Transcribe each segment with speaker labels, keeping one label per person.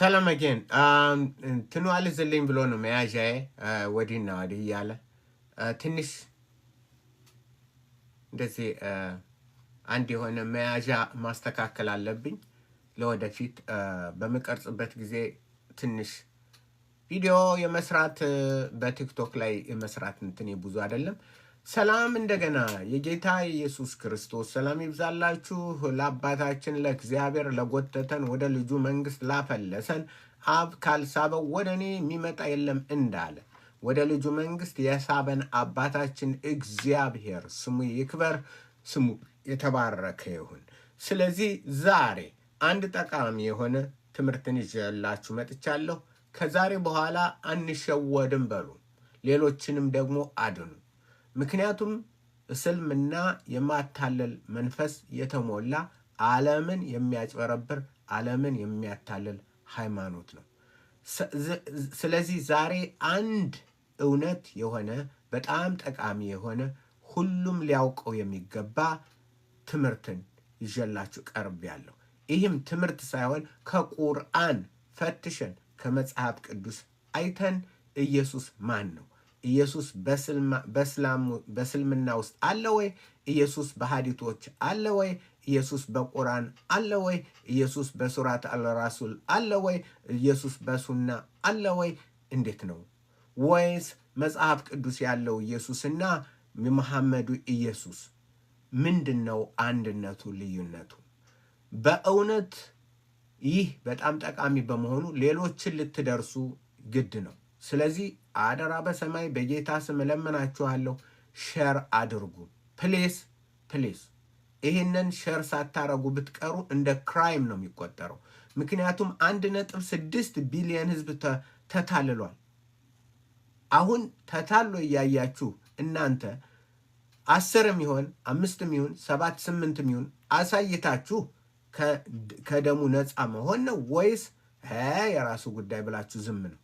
Speaker 1: ሰላም አጌን um, እንትኑ አልዝልኝ ብሎ ነው መያዣዬ uh, ወዲህና ወዲህ እያለ uh, ትንሽ እንደዚህ uh, አንድ የሆነ መያዣ ማስተካከል አለብኝ። ለወደፊት በምቀርጽበት ጊዜ ትንሽ ቪዲዮ የመስራት በቲክቶክ ላይ የመስራት እንትን ብዙ አይደለም። ሰላም እንደገና የጌታ ኢየሱስ ክርስቶስ ሰላም ይብዛላችሁ። ለአባታችን ለእግዚአብሔር ለጎተተን ወደ ልጁ መንግስት ላፈለሰን አብ ካልሳበው ወደ እኔ የሚመጣ የለም እንዳለ ወደ ልጁ መንግስት የሳበን አባታችን እግዚአብሔር ስሙ ይክበር፣ ስሙ የተባረከ ይሁን። ስለዚህ ዛሬ አንድ ጠቃሚ የሆነ ትምህርትን ይዤላችሁ መጥቻለሁ። ከዛሬ በኋላ አንሸወድም በሉ፣ ሌሎችንም ደግሞ አድኑ። ምክንያቱም እስልምና የማታለል መንፈስ የተሞላ ዓለምን የሚያጭበረብር ዓለምን የሚያታለል ሃይማኖት ነው። ስለዚህ ዛሬ አንድ እውነት የሆነ በጣም ጠቃሚ የሆነ ሁሉም ሊያውቀው የሚገባ ትምህርትን ይዤላችሁ ቀርቤያለሁ። ይህም ትምህርት ሳይሆን ከቁርአን ፈትሸን ከመጽሐፍ ቅዱስ አይተን ኢየሱስ ማን ነው ኢየሱስ በእስልምና ውስጥ አለ ወይ? ኢየሱስ በሀዲቶች አለ ወይ? ኢየሱስ በቁርአን አለ ወይ? ኢየሱስ በሱራት አልራሱል አለ ወይ? ኢየሱስ በሱና አለ ወይ? እንዴት ነው? ወይስ መጽሐፍ ቅዱስ ያለው ኢየሱስና የመሐመዱ ኢየሱስ ምንድን ነው አንድነቱ፣ ልዩነቱ? በእውነት ይህ በጣም ጠቃሚ በመሆኑ ሌሎችን ልትደርሱ ግድ ነው። ስለዚህ አደራ በሰማይ በጌታ ስም እለምናችኋለሁ፣ ሸር አድርጉ። ፕሌስ ፕሌስ ይህንን ሸር ሳታረጉ ብትቀሩ እንደ ክራይም ነው የሚቆጠረው። ምክንያቱም አንድ ነጥብ ስድስት ቢሊየን ህዝብ ተታልሏል። አሁን ተታሎ እያያችሁ እናንተ አስርም ይሆን አምስትም ይሁን ሰባት ስምንትም ይሁን አሳይታችሁ ከደሙ ነፃ መሆን ነው ወይስ የራሱ ጉዳይ ብላችሁ ዝም ነው?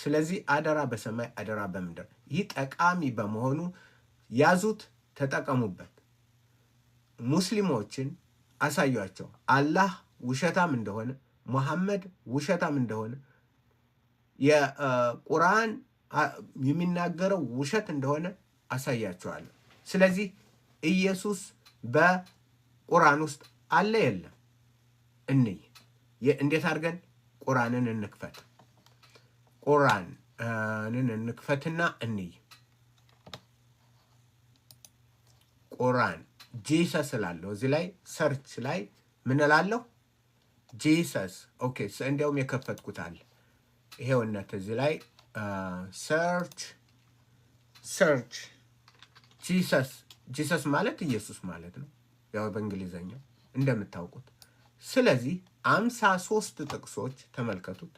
Speaker 1: ስለዚህ አደራ በሰማይ አደራ በምድር ይህ ጠቃሚ በመሆኑ ያዙት፣ ተጠቀሙበት። ሙስሊሞችን አሳዩቸው አላህ ውሸታም እንደሆነ፣ መሐመድ ውሸታም እንደሆነ፣ የቁርአን የሚናገረው ውሸት እንደሆነ አሳያቸዋለ። ስለዚህ ኢየሱስ በቁርአን ውስጥ አለ የለም? እንይ። እንዴት አድርገን ቁርአንን እንክፈት? ቁራን እንክፈትና እንይ። ቁራን ጂሰስ እላለሁ እዚህ ላይ ሰርች ላይ ምን እላለሁ? ጂሰስ ኦኬ። እንዲያውም የከፈትኩታል ይሄውነት እዚህ ላይ ሰርች ሰርች ጂሰስ ጂሰስ ማለት ኢየሱስ ማለት ነው፣ ያው በእንግሊዘኛው እንደምታውቁት። ስለዚህ አምሳ ሶስት ጥቅሶች ተመልከቱት።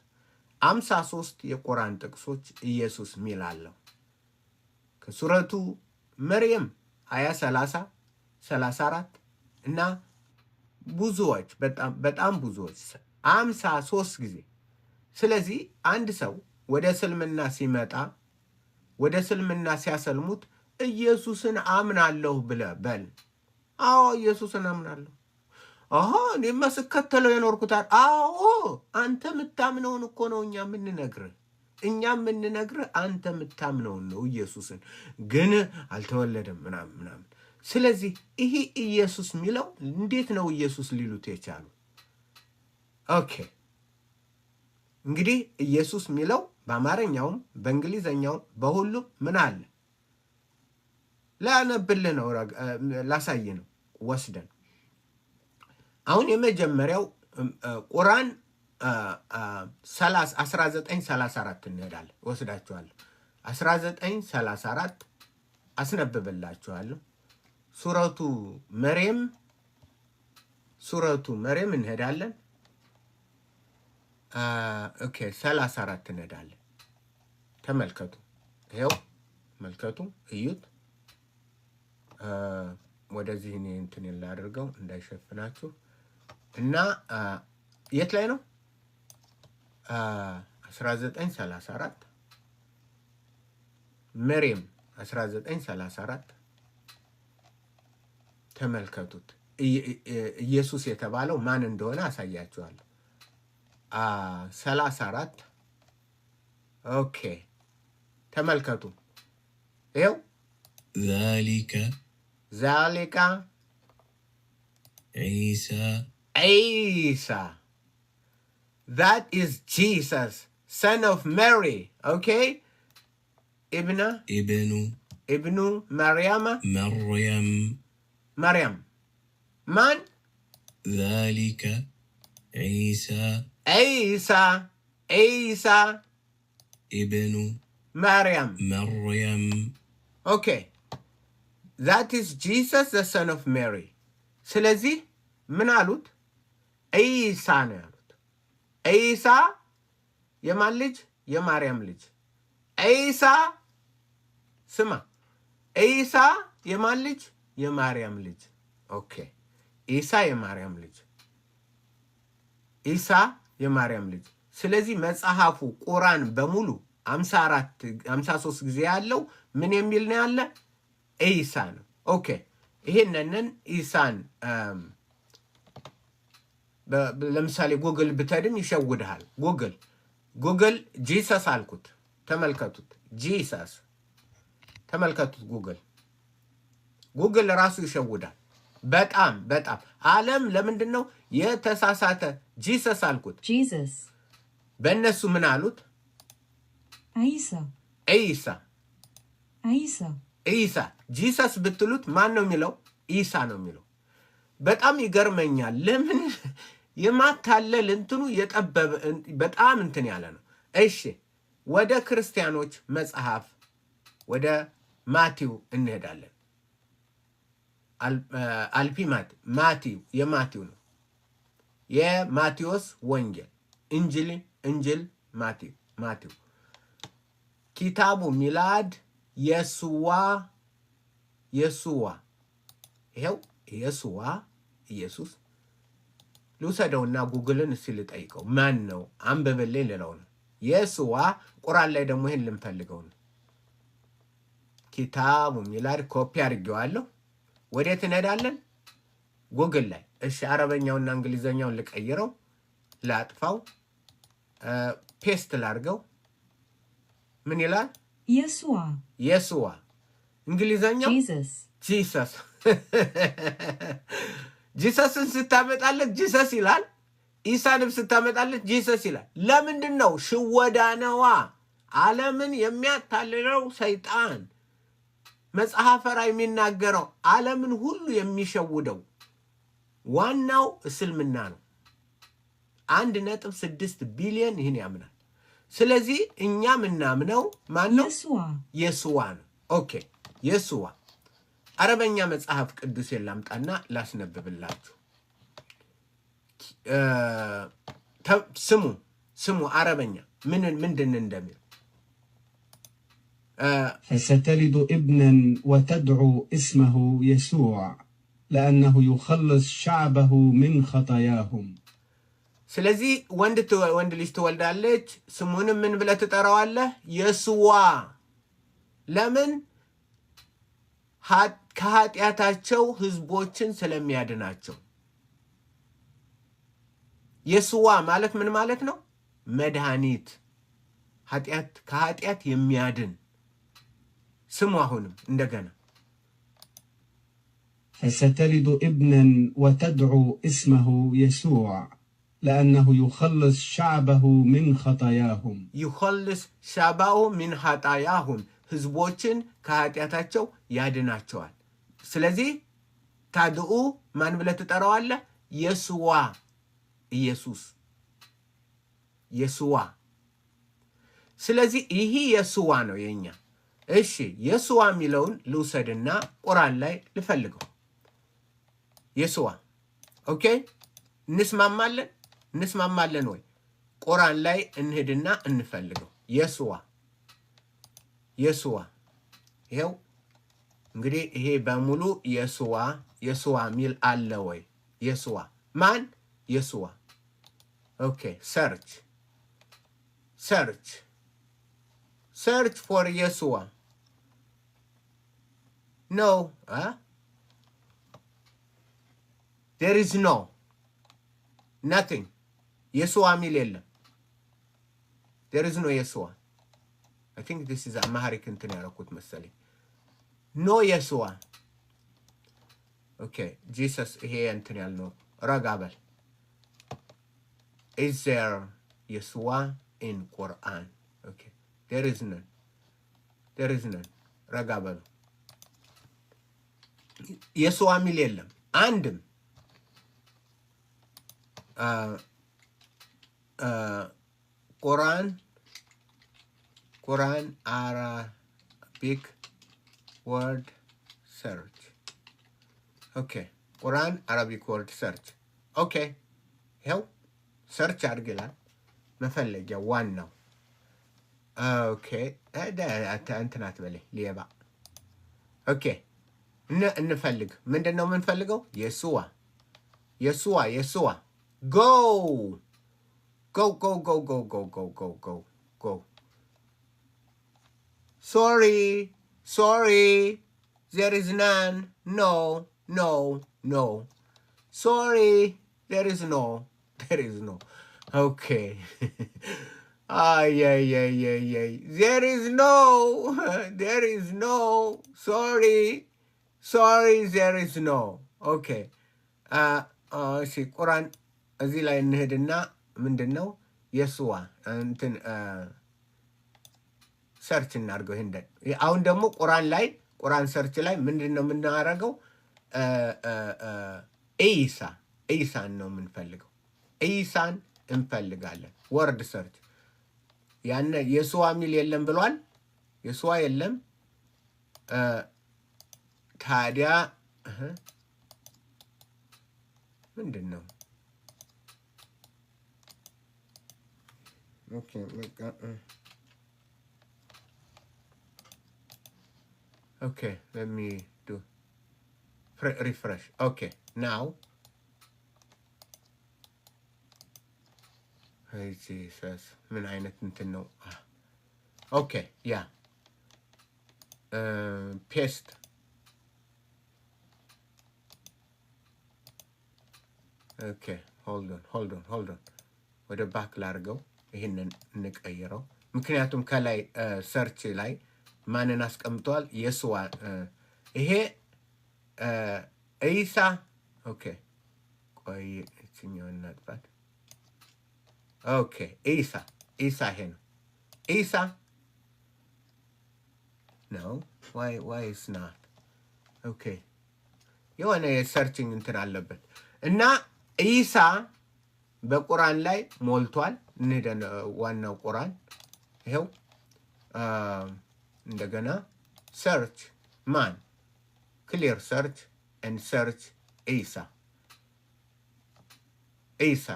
Speaker 1: አምሳ ሶስት የቁርአን ጥቅሶች ኢየሱስ ሚል አለው። ከሱረቱ መርየም ሰላሳ ሰላሳ አራት እና ብዙዎች በጣም ብዙዎች አምሳ ሶስት ጊዜ። ስለዚህ አንድ ሰው ወደ እስልምና ሲመጣ ወደ እስልምና ሲያሰልሙት ኢየሱስን አምናለሁ ብለህ በል። አዎ ኢየሱስን አምናለሁ አሀ እኔማ ስከተለው የኖርኩታል። አዎ አንተ የምታምነውን እኮ ነው እኛ የምንነግርህ እኛ የምንነግርህ አንተ የምታምነውን ነው። ኢየሱስን ግን አልተወለደም ምናምን ምናምን። ስለዚህ ይሄ ኢየሱስ የሚለው እንዴት ነው ኢየሱስ ሊሉት የቻሉ? ኦኬ እንግዲህ ኢየሱስ የሚለው በአማርኛውም በእንግሊዘኛውም በሁሉም ምን አለ? ላነብልህ ነው ላሳይ ነው ወስደን አሁን የመጀመሪያው ቁርአን 1934 እንሄዳለን። ወስዳችኋለሁ። 1934 አስነብብላችኋለሁ። ሱረቱ መሬም ሱረቱ መሬም እንሄዳለን። ኦኬ 34 እንሄዳለን። ተመልከቱ። ይኸው መልከቱ እዩት። ወደዚህ እኔ እንትን ላድርገው እንዳይሸፍናችሁ እና የት ላይ ነው? 1934 መሬም 1934 ተመልከቱት። ኢየሱስ የተባለው ማን እንደሆነ አሳያችኋለሁ። 34 ኦኬ፣ ተመልከቱ። ይኸው ዛሊካ ዛሊካ ዒሳ Isa. That is Jesus, son of Mary. Okay? Ibn Ibn Ibn Maryam Maryam Maryam. Man? ذلك Isa Isa Isa ابن Maryam. Maryam. Okay. That is Jesus the son of Mary. ስለዚህ ምን አሉት? ኢሳ ነው ያሉት። ኢሳ የማን ልጅ? የማርያም ልጅ። ኢሳ ስማ፣ ኢሳ የማን ልጅ? የማርያም ልጅ። ኦኬ፣ ኢሳ የማርያም ልጅ፣ ኢሳ የማርያም ልጅ። ስለዚህ መጽሐፉ ቁራን በሙሉ አምሳ አራት አምሳ ሶስት ጊዜ ያለው ምን የሚል ነው ያለ? ኢሳ ነው። ኦኬ፣ ይሄንንን ኢሳን ለምሳሌ ጎግል ብተድም ይሸውድሃል። ጎግል ጎግል ጂሰስ አልኩት፣ ተመልከቱት። ጂሰስ ተመልከቱት። ጉግል ጉግል ራሱ ይሸውዳል። በጣም በጣም ዓለም ለምንድን ነው የተሳሳተ? ጂሰስ አልኩት። ጂሰስ በእነሱ ምን አሉት? ኢሳ ኢሳ ኢሳ ኢሳ። ጂሰስ ብትሉት ማን ነው የሚለው? ኢሳ ነው የሚለው። በጣም ይገርመኛል ለምን የማታለል እንትኑ የጠበበ በጣም እንትን ያለ ነው። እሺ ወደ ክርስቲያኖች መጽሐፍ ወደ ማቲው እንሄዳለን። አልፒ ማቲው የማቲው ነው የማቴዎስ ወንጌል እንጅል እንጅል ማቲው ማቲው ኪታቡ ሚላድ የሱዋ የሱዋ ይኸው የሱዋ ኢየሱስ ልውሰደውና ጉግልን እስኪ ልጠይቀው ማን ነው አንብብልኝ ልለው ነው። የስዋ ቁራን ላይ ደግሞ ይህን ልንፈልገው ነው። ኪታቡ ሚላድ ኮፒ አድርጌዋለሁ። ወዴት እንሄዳለን? ጉግል ላይ እሺ፣ አረበኛውና እንግሊዘኛውን ልቀይረው፣ ላጥፋው፣ ፔስት ላድርገው። ምን ይላል? የስዋ እንግሊዘኛው ጂሰስ ጂሰስን ስታመጣለት ጂሰስ ይላል። ኢሳንም ስታመጣለት ጂሰስ ይላል። ለምንድን ነው? ሽወዳነዋ ዓለምን የሚያታልለው ሰይጣን መጽሐፈ ራዕይ የሚናገረው ዓለምን ሁሉ የሚሸውደው ዋናው እስልምና ነው። አንድ ነጥብ ስድስት ቢሊዮን ይህን ያምናል። ስለዚህ እኛ ምናምነው ማነው? የሱዋ ነው። ኦኬ የሱዋ አረበኛ መጽሐፍ ቅዱስ የላምጣና ላስነብብላችሁ። ስሙ ስሙ፣ አረበኛ ምን ምንድን እንደሚል ሰተሊዱ ኢብነን ወተድዑ እስመሁ የሱዕ ለአነሁ ዩኸልስ ሻዕበሁ ምን ኸጠያሁም። ስለዚህ ወንድ ልጅ ትወልዳለች። ስሙንም ምን ብለህ ትጠራዋለህ? የስዋ ለምን ከኃጢአታቸው ህዝቦችን ስለሚያድናቸው የስዋ ማለት ምን ማለት ነው? መድኃኒት ከኃጢአት የሚያድን ስሙ። አሁንም እንደገና ሰተሊድ እብነን ወተድዑ እስመሁ የሱዕ لأنه يخلص شعبه من خطاياهم يخلص شعبه من خطاياهم ህዝቦችን ከኃጢአታቸው ያድናቸዋል። ስለዚህ ታድኡ ማን ብለህ ትጠራዋለህ? የሱዋ ኢየሱስ የሱዋ። ስለዚህ ይህ የሱዋ ነው የኛ። እሺ የሱዋ የሚለውን ልውሰድና ቁራን ላይ ልፈልገው። የሱዋ ኦኬ፣ እንስማማለን። እንስማማለን ወይ? ቁራን ላይ እንሂድና እንፈልገው። የስዋ የስዋ ይኸው እንግዲህ ይሄ በሙሉ የስዋ የስዋ ሚል አለ ወይ? የስዋ ማን የስዋ? ኦኬ ሰርች ሰርች ሰርች ፎር የስዋ ኖ ዴር ኢዝ ኖ ናቲንግ Yeshua milele. There is no Yeshua. I think this is Amharic in Tanarakut Masali. No Yeshua. Okay, Jesus he in Tanar no. Ragabal. Is there Yeshua in Quran? Okay, there is none. There is none. Ragabal. Yeshua milele. And. Uh, Quran, Quran Arabic word search. Okay, Quran Arabic word search. Okay, ይኸው ሰርች አድርግላል መፈለጊያ ዋናው። ኦኬ እንትናት በላይ ሌባ። ኦኬ እንፈልግ ምንድን ነው የምንፈልገው? የሱዋ የሱዋ የሱዋ ጎ Go, go, go, go, go, go, go, go, go. Sorry, sorry, there is none. No, no, no. Sorry, there is no, there is no. Okay. Ah, yeah, yeah, yeah, yeah. There is no, there is no, sorry, sorry, there is no. Okay. Uh, uh, እሺ ቁራን እዚህ ላይ እንሄድና ምንድን ነው የስዋ እንትን ሰርች እናድርገው። ይህንደን አሁን ደግሞ ቁራን ላይ ቁራን ሰርች ላይ ምንድን ነው የምናደርገው? ኢሳ ኢሳን ነው የምንፈልገው። ኢሳን እንፈልጋለን። ወርድ ሰርች ያነ የሱዋ ሚል የለም ብሏል። የስዋ የለም። ታዲያ ምንድን ነው I can't look Okay, let me do refresh. Okay, now. Hey Jesus, ah. Okay, yeah. Uh, paste. Okay, hold on, hold on, hold on. Where the back largo? ይህንን እንቀይረው። ምክንያቱም ከላይ ሰርች ላይ ማንን አስቀምጠዋል? የስዋ ይሄ ኢሳ ኦኬ። ቆይ የትኛውን እናጥፋት? ኦኬ ኢሳ ኢሳ ይሄ ነው ኢሳ ነው። ዋይ ዋይ ስናት ኦኬ። የሆነ የሰርችንግ እንትን አለበት እና ኢሳ በቁርአን ላይ ሞልቷል። እንሄደን ዋናው ቁራን ይኸው እንደገና ሰርች ማን ክሊር ሰርች ኤን ሰርች ኢሳ ኢሳ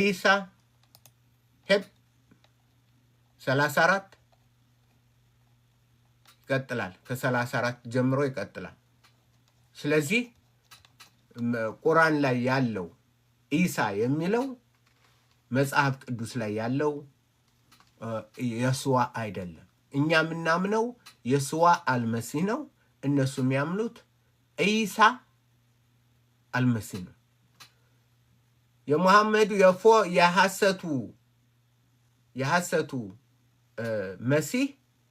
Speaker 1: ኢሳ ሄድ ሰላሳ አራት ይቀጥላል። ከሰላሳ አራት ጀምሮ ይቀጥላል። ስለዚህ ቁራን ላይ ያለው ኢሳ የሚለው መጽሐፍ ቅዱስ ላይ ያለው የስዋ አይደለም። እኛ የምናምነው የስዋ አልመሲህ ነው። እነሱ የሚያምኑት ኢሳ አልመሲህ ነው። የሙሐመዱ የፎ የሐሰቱ የሐሰቱ መሲህ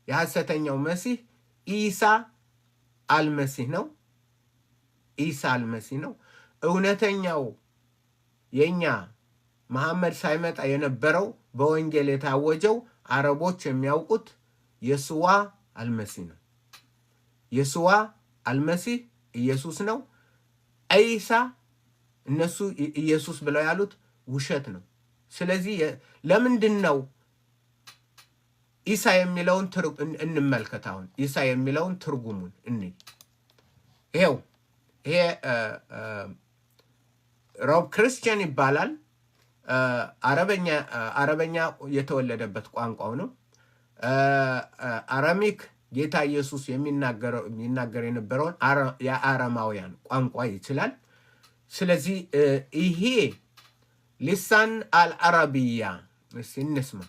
Speaker 1: የሐሰተኛው መሲህ ኢሳ አልመሲህ ነው። ኢሳ አልመሲህ ነው። እውነተኛው የእኛ መሐመድ ሳይመጣ የነበረው በወንጌል የታወጀው አረቦች የሚያውቁት የስዋ አልመሲህ ነው። የስዋ አልመሲህ ኢየሱስ ነው። ዒሳ እነሱ ኢየሱስ ብለው ያሉት ውሸት ነው። ስለዚህ ለምንድን ነው ኢሳ የሚለውን እንመልከት። አሁን ኢሳ የሚለውን ትርጉሙን እኒ ይሄው ይሄ ሮብ ክርስቲያን ይባላል። አረበኛ የተወለደበት ቋንቋው ነው። አረሚክ ጌታ ኢየሱስ የሚናገር የነበረውን የአረማውያን ቋንቋ ይችላል። ስለዚህ ይሄ ሊሳን አልአረቢያ እንስማ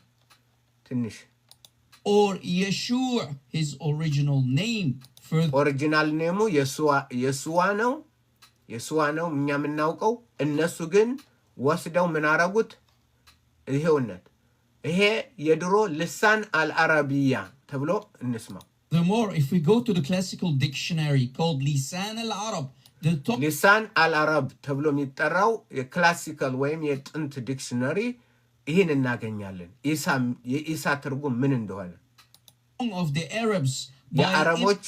Speaker 1: ትንሽ or Yeshua, his ኦሪጂናል ኔሙ የሱዋ ነው የሱዋ ነው እኛ የምናውቀው እነሱ ግን ወስደው ምን አረጉት? ይሄውነት ይሄ የድሮ ልሳን አልአረቢያ ተብሎ እንስማው። ልሳን አልአረብ ተብሎ የሚጠራው የክላሲካል ወይም የጥንት ዲክሽነሪ ይህን እናገኛለን። የኢሳ ትርጉም ምን እንደሆነ የአረቦች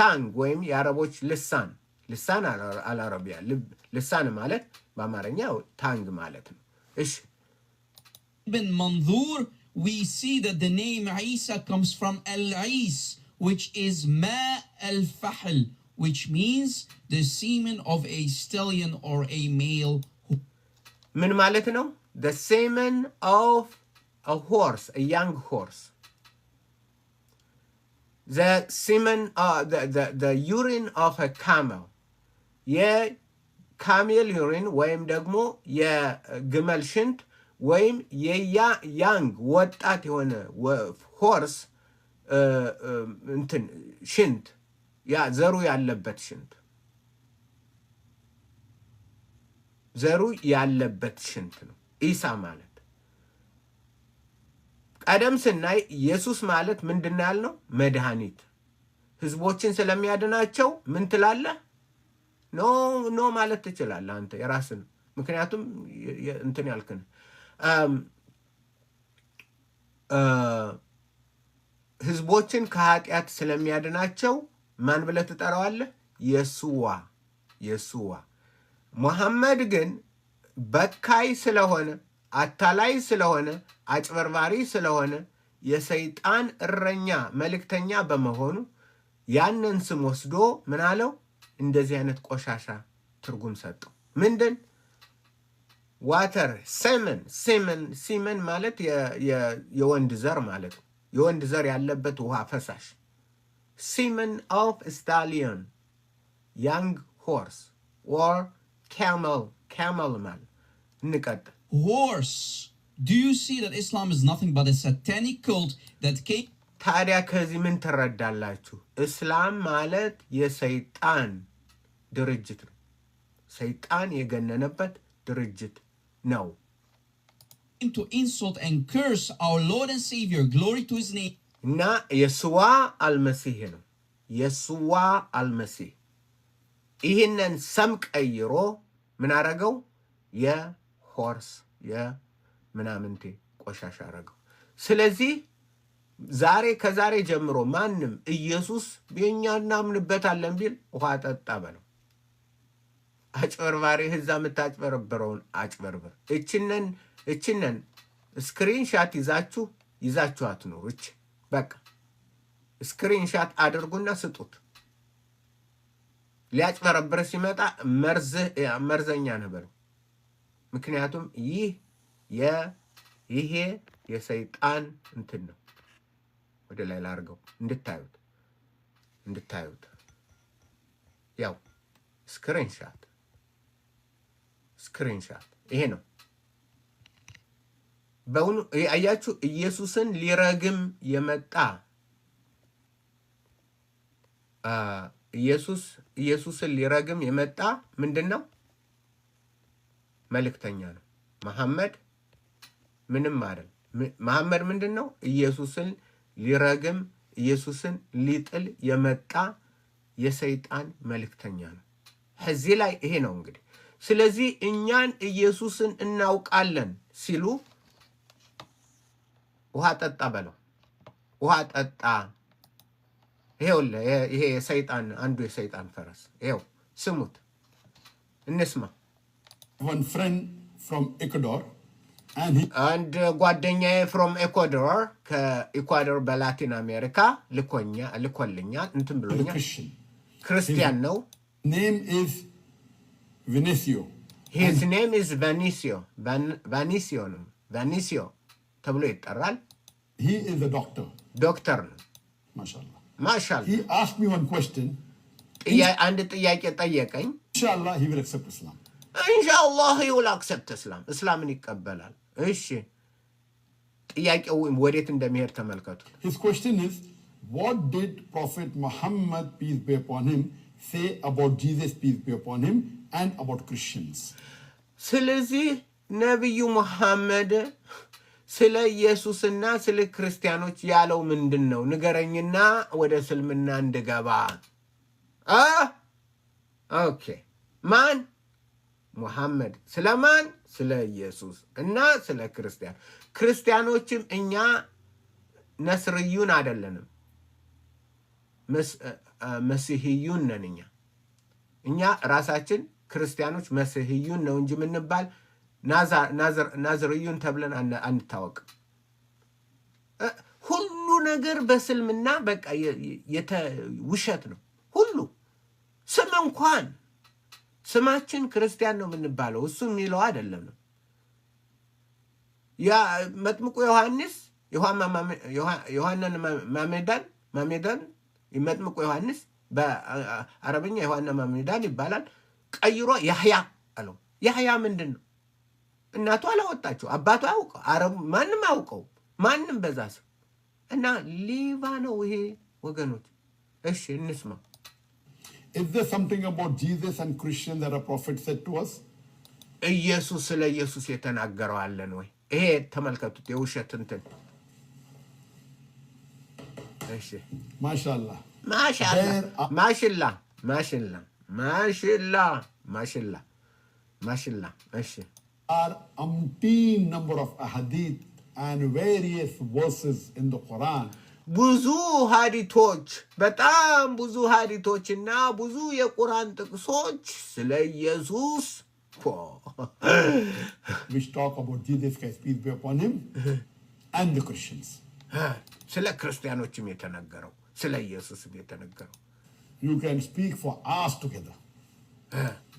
Speaker 1: ታንግ ወይም የአረቦች ልሳን ልሳን አልአረቢያ لب ልሳን مالت بامارنيا ታንግ تانج مالت إيش بن منظور we see that the name عيسى comes from العيس which is ma الفحل which means the semen of a stallion or a male من مالتنا the semen of a horse a young horse the semen uh, the, the, the urine of a camel የካሜል ዩሪን ወይም ደግሞ የግመል ሽንት ወይም የያንግ ወጣት የሆነ ሆርስ እንትን ሽንት ያ ዘሩ ያለበት ሽንት ዘሩ ያለበት ሽንት ነው ኢሳ ማለት። ቀደም ስናይ ኢየሱስ ማለት ምንድን ያልነው? መድኃኒት ህዝቦችን ስለሚያድናቸው ምን ትላለህ? ኖ ኖ ማለት ትችላለህ አንተ የራስን ምክንያቱም እንትን ያልክን ህዝቦችን ከኃጢአት ስለሚያድናቸው ማን ብለህ ትጠራዋለህ? የሱዋ የሱዋ። መሐመድ ግን በካይ ስለሆነ አታላይ ስለሆነ አጭበርባሪ ስለሆነ የሰይጣን እረኛ መልእክተኛ በመሆኑ ያንን ስም ወስዶ ምን አለው? እንደዚህ አይነት ቆሻሻ ትርጉም ሰጠው። ምንድን ዋተር ሴመን ሴመን ሴመን ማለት የወንድ ዘር ማለት ነው። የወንድ ዘር ያለበት ውሃ ፈሳሽ። ሴመን ኦፍ ስታሊዮን ያንግ ሆርስ ኦር ካመል ካመል ማለት እንቀጥል ሆርስ Do you see that Islam is nothing but a satanic cult that came ታዲያ ከዚህ ምን ትረዳላችሁ? እስላም ማለት የሰይጣን ድርጅት ነው። ሰይጣን የገነነበት ድርጅት ነው። እና የስዋ አልመሲህ ነው። የስዋ አልመሲህ ይህንን ሰም ቀይሮ ምን አረገው? የሆርስ የምናምንቴ ቆሻሻ አረገው። ስለዚህ ዛሬ ከዛሬ ጀምሮ ማንም ኢየሱስ የእኛ እናምንበታለን ቢል ውሃ ጠጣ በለው። አጭበርባሪ እዛ የምታጭበረብረውን አጭበርብር። እችነን እችነን ስክሪን ሻት ይዛችሁ ይዛችኋት ነው። እች በቃ ስክሪን ሻት አድርጉና ስጡት። ሊያጭበረብር ሲመጣ መርዘኛ ነበር። ምክንያቱም ይህ ይሄ የሰይጣን እንትን ነው። ወደ ላይ ላርገው እንድታዩት እንድታዩት ያው ስክሪንሻት ስክሪንሻት ይሄ ነው። በሁሉ አያችሁ፣ ኢየሱስን ሊረግም የመጣ ኢየሱስ ኢየሱስን ሊረግም የመጣ ምንድን ነው? መልእክተኛ ነው። መሐመድ ምንም አይደል። መሐመድ ምንድን ነው? ኢየሱስን ሊረግም ኢየሱስን ሊጥል የመጣ የሰይጣን መልእክተኛ ነው። እዚህ ላይ ይሄ ነው እንግዲህ ስለዚህ እኛን ኢየሱስን እናውቃለን ሲሉ ውሃ ጠጣ በለው፣ ውሃ ጠጣ። ይሄውልህ ይሄ የሰይጣን አንዱ የሰይጣን ፈረስ ይሄው፣ ስሙት፣ እንስማ። አንድ ጓደኛዬ ፍሮም ኤኳዶር ከኢኳዶር በላቲን አሜሪካ ልኮኛ ልኮልኛል። እንትን ብሎኛል። ክርስቲያን ነው። Vinicio. His name is Vanicio. Van Vanicio. Vanicio. Tablet, right? He is a doctor. Doctor. Mashallah. Mashallah. He asked me one question. Inshallah, he will accept Islam. Inshallah, he will accept Islam. Islam in Kabbalah. Ishi. His question is, what did Prophet Muhammad, peace be upon him, say about Jesus, peace be upon him, ስለዚህ ነቢዩ መሐመድ ስለ ኢየሱስና ስለ ክርስቲያኖች ያለው ምንድን ነው? ንገረኝና ወደ እስልምና እንድገባ። ኦኬ ማን ሙሐመድ ስለማን? ስለ ኢየሱስ እና ስለ ክርስቲያን። ክርስቲያኖችም እኛ ነስርዩን አይደለንም፣ መሲህዩን ነን። እኛ እኛ ራሳችን ክርስቲያኖች መስህዩን ነው እንጂ የምንባል ናዝርዩን ተብለን አንታወቅ። ሁሉ ነገር በእስልምና በቃ ውሸት ነው። ሁሉ ስም እንኳን ስማችን ክርስቲያን ነው የምንባለው እሱ የሚለው አይደለም ነው። ያ መጥምቁ ዮሐንስ ዮሐናን ማሜዳን ማሜዳን መጥምቁ ዮሐንስ በአረበኛ ዮሐና ማሜዳን ይባላል። ቀይሮ ያህያ አለው። ያህያ ምንድን ነው? እናቱ አላወጣቸው፣ አባቱ አውቀ አረቡ ማንም አውቀው ማንም በዛ ሰው እና ሌባ ነው ይሄ ወገኖች። እሺ እንስማ። ኢየሱስ ስለ ኢየሱስ የተናገረው አለን ወይ? ይሄ ተመልከቱት፣ የውሸት እንትን ማሻላ ማሻላ ማሽላ ማሽላ ማሽላ ማሽላ። እሺ are umpteen number of ahadith and various verses in the Quran ብዙ ሀዲቶች በጣም ብዙ ሀዲቶችና ብዙ የቁርአን ጥቅሶች ስለ ኢየሱስ which talk about Jesus Christ peace be upon him and the Christians ስለ ክርስቲያኖችም የተነገረው ስለ ኢየሱስም የተነገረው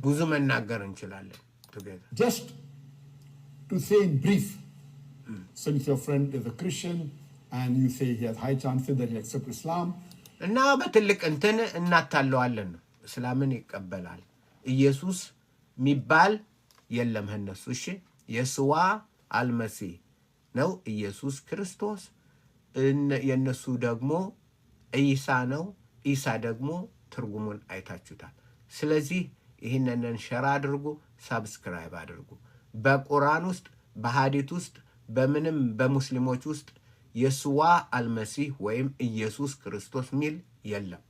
Speaker 1: ብዙ መናገር እንችላለን። እና በትልቅ እንትን እናታለዋለን ነው እስላምን ይቀበላል። ኢየሱስ የሚባል የለም እነሱ እሺ፣ የስዋ አልመሲህ ነው ኢየሱስ ክርስቶስ፣ የእነሱ ደግሞ ኢሳ ነው። ኢሳ ደግሞ ትርጉሙን አይታችሁታል። ስለዚህ ይህንን ሸራ አድርጉ፣ ሳብስክራይብ አድርጉ። በቁርአን ውስጥ በሀዲት ውስጥ በምንም በሙስሊሞች ውስጥ የሱዋ አልመሲህ ወይም ኢየሱስ ክርስቶስ ሚል የለም።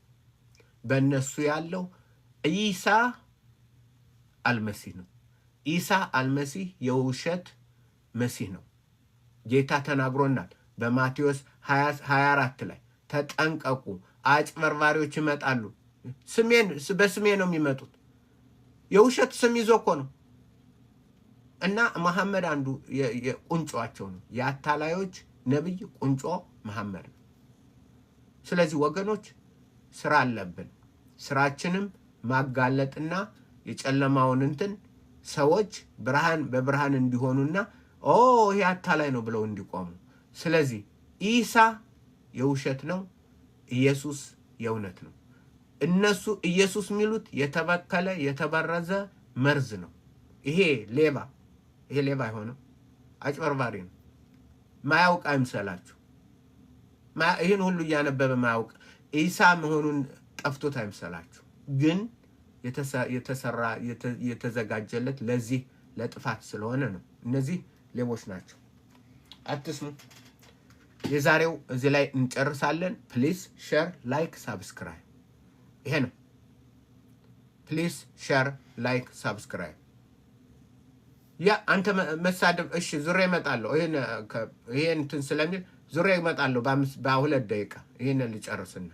Speaker 1: በእነሱ ያለው ኢሳ አልመሲህ ነው። ኢሳ አልመሲህ የውሸት መሲህ ነው። ጌታ ተናግሮናል በማቴዎስ 24 ላይ ተጠንቀቁ፣ አጭበርባሪዎች ይመጣሉ ስሜን በስሜ ነው የሚመጡት። የውሸት ስም ይዞ እኮ ነው። እና መሐመድ አንዱ ቁንጮቸው ነው። የአታላዮች ነብይ ቁንጮ መሐመድ ነው። ስለዚህ ወገኖች ስራ አለብን። ስራችንም ማጋለጥና የጨለማውን እንትን ሰዎች ብርሃን በብርሃን እንዲሆኑና ኦ ይሄ አታላይ ነው ብለው እንዲቆሙ። ስለዚህ ኢሳ የውሸት ነው፣ ኢየሱስ የእውነት ነው። እነሱ ኢየሱስ የሚሉት የተበከለ የተበረዘ መርዝ ነው። ይሄ ሌባ ይሄ ሌባ አይሆንም፣ አጭበርባሪ ነው። ማያውቅ አይምሰላችሁ። ይህን ሁሉ እያነበበ ማያውቅ ኢሳ መሆኑን ጠፍቶት አይምሰላችሁ። ግን የተሰራ የተዘጋጀለት ለዚህ ለጥፋት ስለሆነ ነው። እነዚህ ሌቦች ናቸው። አትስሙ። የዛሬው እዚህ ላይ እንጨርሳለን። ፕሊዝ ሸር ላይክ፣ ሳብስክራይብ ይሄ ነው። ፕሊስ ሸር ላይክ ሳብስክራይብ። ያ አንተ መሳደብ እሺ፣ ዙሬ እመጣለሁ። ይሄን እንትን ስለሚል ዙሬ እመጣለሁ በሁለት ደቂቃ ይሄን ልጨርስና